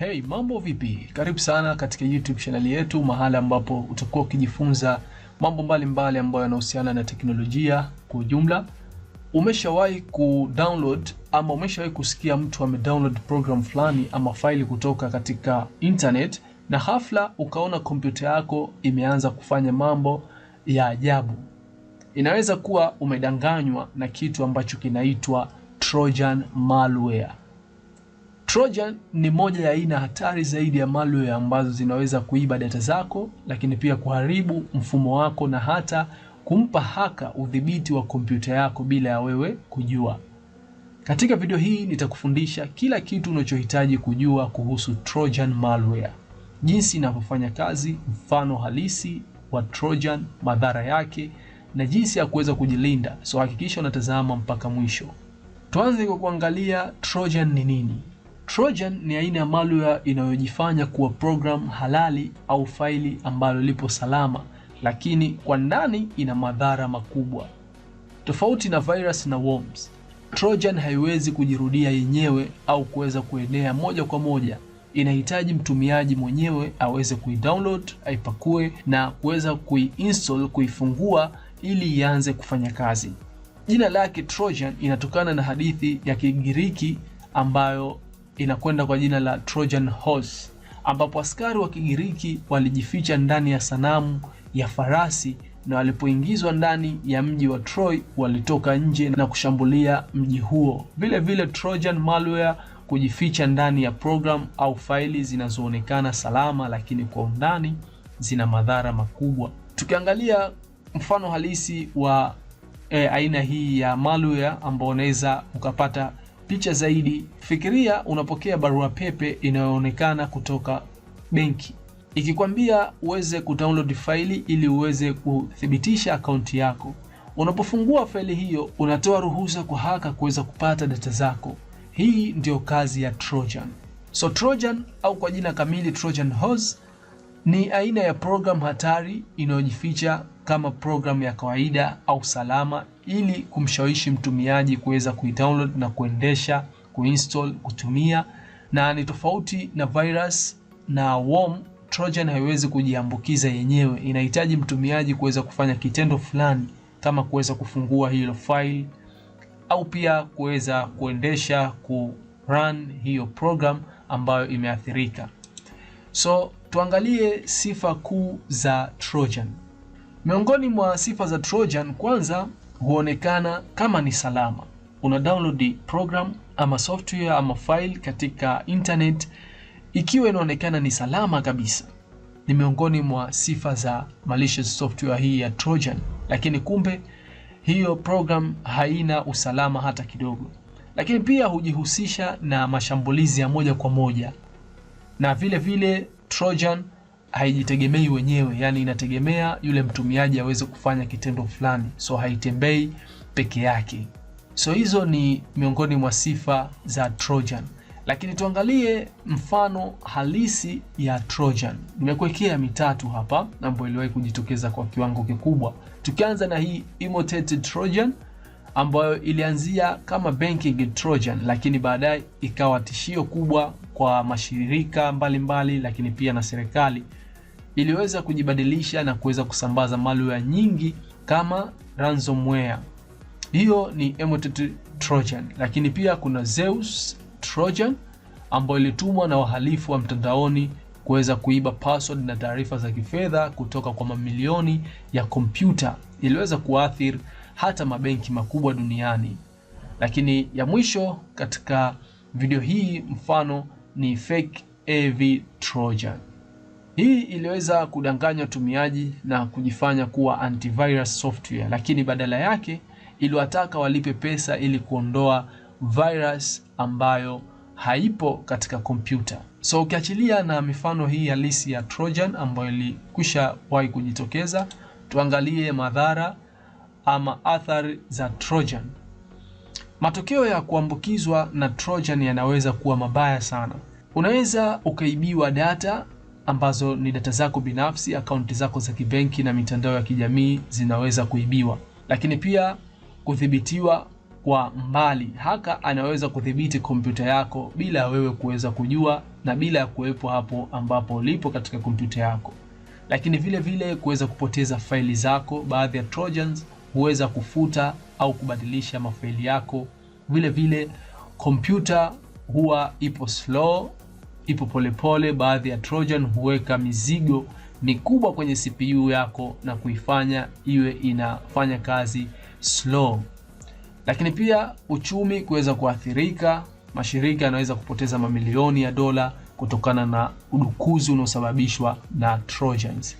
Hey, mambo vipi? Karibu sana katika YouTube chaneli yetu, mahala ambapo utakuwa ukijifunza mambo mbalimbali ambayo yanahusiana na teknolojia kwa ujumla. Umeshawahi kudownload ama umeshawahi kusikia mtu download program fulani ama faili kutoka katika internet na hafla ukaona kompyuta yako imeanza kufanya mambo ya ajabu? Inaweza kuwa umedanganywa na kitu ambacho kinaitwa Trojan malware. Trojan ni moja ya aina hatari zaidi ya malware ambazo zinaweza kuiba data zako, lakini pia kuharibu mfumo wako na hata kumpa haka udhibiti wa kompyuta yako bila ya wewe kujua. Katika video hii nitakufundisha kila kitu unachohitaji kujua kuhusu Trojan malware, jinsi inavyofanya kazi, mfano halisi wa Trojan, madhara yake na jinsi ya kuweza kujilinda. So hakikisha unatazama mpaka mwisho. Tuanze kwa kuangalia Trojan ni nini. Trojan ni aina ya malware inayojifanya kuwa program halali au faili ambalo lipo salama, lakini kwa ndani ina madhara makubwa. Tofauti na virus na worms, Trojan haiwezi kujirudia yenyewe au kuweza kuenea moja kwa moja. Inahitaji mtumiaji mwenyewe aweze kuidownload, aipakue na kuweza kuiinstall, kuifungua ili ianze kufanya kazi. Jina lake Trojan inatokana na hadithi ya Kigiriki ambayo inakwenda kwa jina la Trojan Horse, ambapo askari wa Kigiriki walijificha ndani ya sanamu ya farasi na walipoingizwa ndani ya mji wa Troy walitoka nje na kushambulia mji huo. Vile vile Trojan malware kujificha ndani ya program au faili zinazoonekana salama lakini kwa undani zina madhara makubwa. Tukiangalia mfano halisi wa e, aina hii ya malware ambao unaweza ukapata picha zaidi. Fikiria unapokea barua pepe inayoonekana kutoka benki ikikwambia uweze kudownload faili ili uweze kuthibitisha akaunti yako. Unapofungua faili hiyo, unatoa ruhusa kwa haka kuweza kupata data zako. Hii ndiyo kazi ya Trojan. So Trojan au kwa jina kamili Trojan horse ni aina ya program hatari inayojificha kama program ya kawaida au salama ili kumshawishi mtumiaji kuweza kuidownload na kuendesha, kuinstall, kutumia na ni tofauti na virus na worm. Trojan haiwezi kujiambukiza yenyewe, inahitaji mtumiaji kuweza kufanya kitendo fulani kama kuweza kufungua hilo file au pia kuweza kuendesha ku run hiyo program ambayo imeathirika. So tuangalie sifa kuu za Trojan. Miongoni mwa sifa za Trojan, kwanza huonekana kama ni salama. Una download program ama software ama file katika internet, ikiwa inaonekana ni salama kabisa, ni miongoni mwa sifa za malicious software hii ya Trojan. Lakini kumbe hiyo program haina usalama hata kidogo, lakini pia hujihusisha na mashambulizi ya moja kwa moja na vile vile Trojan haijitegemei wenyewe, yani inategemea yule mtumiaji aweze kufanya kitendo fulani, so haitembei peke yake. So hizo ni miongoni mwa sifa za Trojan, lakini tuangalie mfano halisi ya Trojan. Nimekuwekea mitatu hapa ambayo iliwahi kujitokeza kwa kiwango kikubwa, tukianza na hii Imotet Trojan ambayo ilianzia kama banking Trojan, lakini baadaye ikawa tishio kubwa kwa mashirika mbalimbali mbali, lakini pia na serikali iliweza kujibadilisha na kuweza kusambaza malware nyingi kama ransomware. Hiyo ni Emotet Trojan, lakini pia kuna Zeus Trojan ambayo ilitumwa na wahalifu wa mtandaoni kuweza kuiba password na taarifa za kifedha kutoka kwa mamilioni ya kompyuta. Iliweza kuathiri hata mabenki makubwa duniani. Lakini ya mwisho katika video hii mfano ni fake AV Trojan. Hii iliweza kudanganya watumiaji na kujifanya kuwa antivirus software, lakini badala yake iliwataka walipe pesa ili kuondoa virus ambayo haipo katika kompyuta. So ukiachilia na mifano hii halisi ya Trojan ambayo ilikwisha wahi kujitokeza, tuangalie madhara ama athari za Trojan. Matokeo ya kuambukizwa na Trojan yanaweza kuwa mabaya sana. Unaweza ukaibiwa data ambazo ni data zako binafsi, akaunti zako za kibenki na mitandao ya kijamii zinaweza kuibiwa, lakini pia kudhibitiwa kwa mbali. Haka anaweza kudhibiti kompyuta yako bila wewe kuweza kujua na bila ya kuwepo hapo ambapo lipo katika kompyuta yako, lakini vile vile kuweza kupoteza faili zako. Baadhi ya trojans huweza kufuta au kubadilisha mafaili yako. Vile vile kompyuta huwa ipo slow ipo polepole. Baadhi ya Trojan huweka mizigo mikubwa kwenye CPU yako na kuifanya iwe inafanya kazi slow. Lakini pia uchumi kuweza kuathirika, mashirika yanaweza kupoteza mamilioni ya dola kutokana na udukuzi unaosababishwa na Trojans.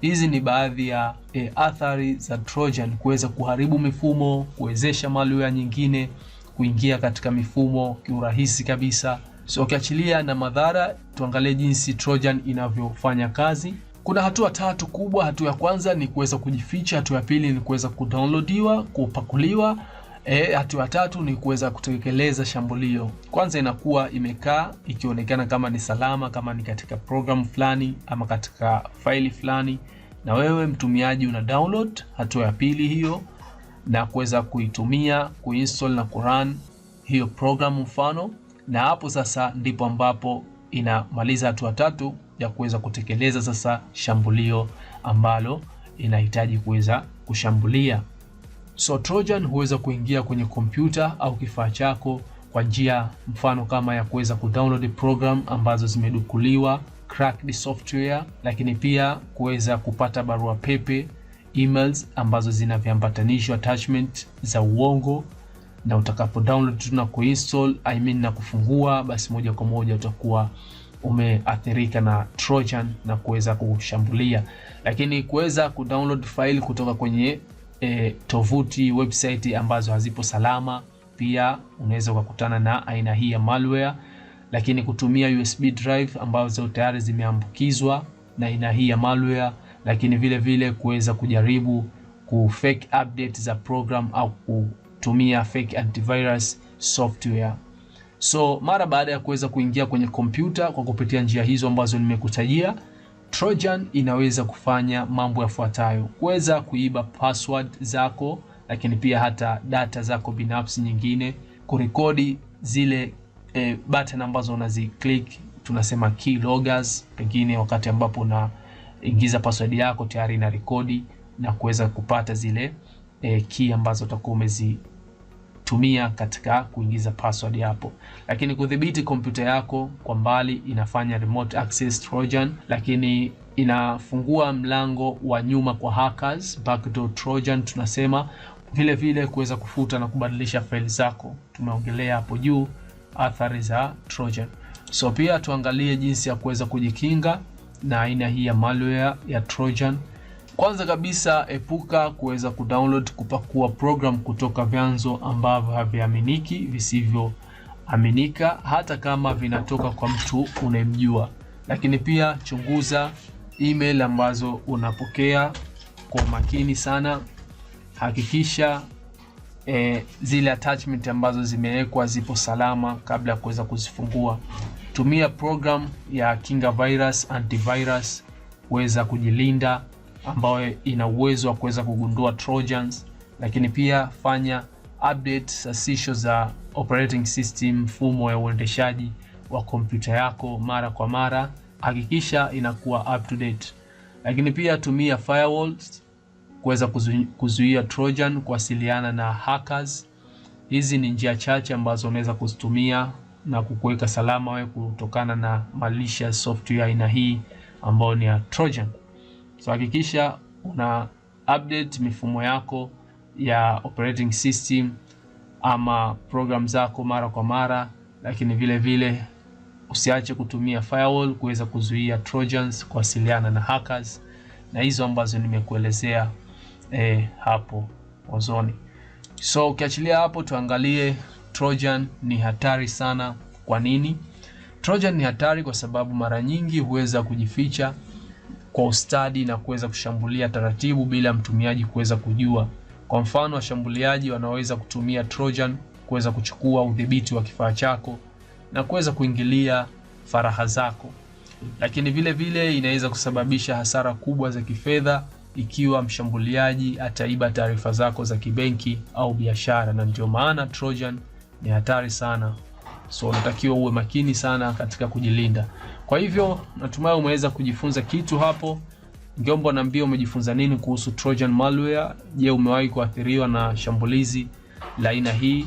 Hizi ni baadhi ya e, athari za Trojan kuweza kuharibu mifumo, kuwezesha malware nyingine kuingia katika mifumo kiurahisi kabisa. So ukiachilia na madhara, tuangalie jinsi Trojan inavyofanya kazi. Kuna hatua tatu kubwa. Hatua ya kwanza ni kuweza kujificha, hatua ya pili ni kuweza kudownloadiwa, kupakuliwa E, hatua tatu ni kuweza kutekeleza shambulio. Kwanza inakuwa imekaa ikionekana kama ni salama, kama ni katika program fulani ama katika faili fulani, na wewe mtumiaji una download. Hatua ya pili hiyo, na kuweza kuitumia kuinstall na kurun hiyo program mfano na hapo sasa ndipo ambapo inamaliza hatua tatu ya kuweza kutekeleza sasa shambulio ambalo inahitaji kuweza kushambulia. So Trojan huweza kuingia kwenye kompyuta au kifaa chako kwa njia mfano kama ya kuweza kudownload program ambazo zimedukuliwa, cracked software, lakini pia kuweza kupata barua pepe, emails ambazo zina viambatanisho attachment za uongo na utakapo download tu na kuinstall I mean na kufungua, basi moja kwa moja utakuwa umeathirika na Trojan na kuweza kushambulia. Lakini kuweza kudownload file kutoka kwenye e, tovuti website ambazo hazipo salama, pia unaweza ukakutana na aina hii ya malware. Lakini kutumia USB drive ambazo tayari zimeambukizwa na aina hii ya malware, lakini vile vile kuweza kujaribu kufake update za program au ku kutumia fake antivirus software. So mara baada ya kuweza kuingia kwenye kompyuta kwa kupitia njia hizo ambazo nimekutajia, Trojan inaweza kufanya mambo yafuatayo: kuweza kuiba password zako, lakini pia hata data zako binafsi nyingine, kurekodi zile e, button ambazo unaziclick, tunasema key loggers, pengine wakati ambapo unaingiza password yako tayari ina rekodi na kuweza kupata zile e, key ambazo utakuwa umezi tumia katika kuingiza password hapo. Lakini kudhibiti kompyuta yako kwa mbali inafanya remote access trojan, lakini inafungua mlango wa nyuma kwa hackers, backdoor trojan tunasema. Vile vile kuweza kufuta na kubadilisha faili zako, tumeongelea hapo juu athari za trojan. So pia tuangalie jinsi ya kuweza kujikinga na aina hii ya malware ya trojan. Kwanza kabisa, epuka kuweza kudownload, kupakua program kutoka vyanzo ambavyo haviaminiki, visivyoaminika, hata kama vinatoka kwa mtu unayemjua. Lakini pia chunguza email ambazo unapokea kwa makini sana. Hakikisha e, zile attachment ambazo zimewekwa zipo salama kabla ya kuweza kuzifungua. Tumia program ya kinga virus, antivirus kuweza kujilinda ambayo ina uwezo wa kuweza kugundua trojans, lakini pia fanya update sasisho za operating system, mfumo wa uendeshaji wa kompyuta yako mara kwa mara, hakikisha inakuwa up to date. Lakini pia tumia firewalls kuweza kuzuia trojan kuwasiliana na hackers. Hizi ni njia chache ambazo unaweza kuzitumia na kukuweka salama wewe kutokana na malicious software aina hii ambayo ni ya trojan. So hakikisha una update mifumo yako ya operating system ama program zako mara kwa mara, lakini vile vile usiache kutumia firewall kuweza kuzuia trojans kuwasiliana na hackers, na hizo ambazo nimekuelezea eh, hapo mwanzoni. So ukiachilia hapo, tuangalie trojan ni hatari sana. Kwa nini trojan ni hatari? Kwa sababu mara nyingi huweza kujificha kwa ustadi na kuweza kushambulia taratibu bila mtumiaji kuweza kujua. Kwa mfano, washambuliaji wanaweza kutumia Trojan kuweza kuchukua udhibiti wa kifaa chako na kuweza kuingilia faraha zako, lakini vile vile inaweza kusababisha hasara kubwa za kifedha ikiwa mshambuliaji ataiba taarifa zako za kibenki au biashara, na ndio maana Trojan ni hatari sana So unatakiwa uwe makini sana katika kujilinda. Kwa hivyo natumai umeweza kujifunza kitu hapo. Ningeomba niambie umejifunza nini kuhusu Trojan malware. Je, umewahi kuathiriwa na shambulizi la aina hii?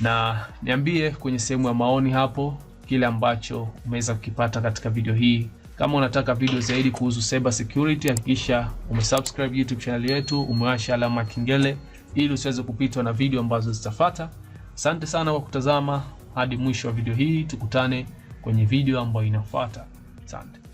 Na niambie kwenye sehemu ya maoni hapo kile ambacho umeweza kukipata katika video hii. Kama unataka video zaidi kuhusu cyber security, hakikisha umesubscribe YouTube channel yetu, umewasha alama ya kengele ili usiweze kupitwa na video ambazo zitafuata. Asante sana kwa kutazama hadi mwisho wa video hii, tukutane kwenye video ambayo inafuata. Asante.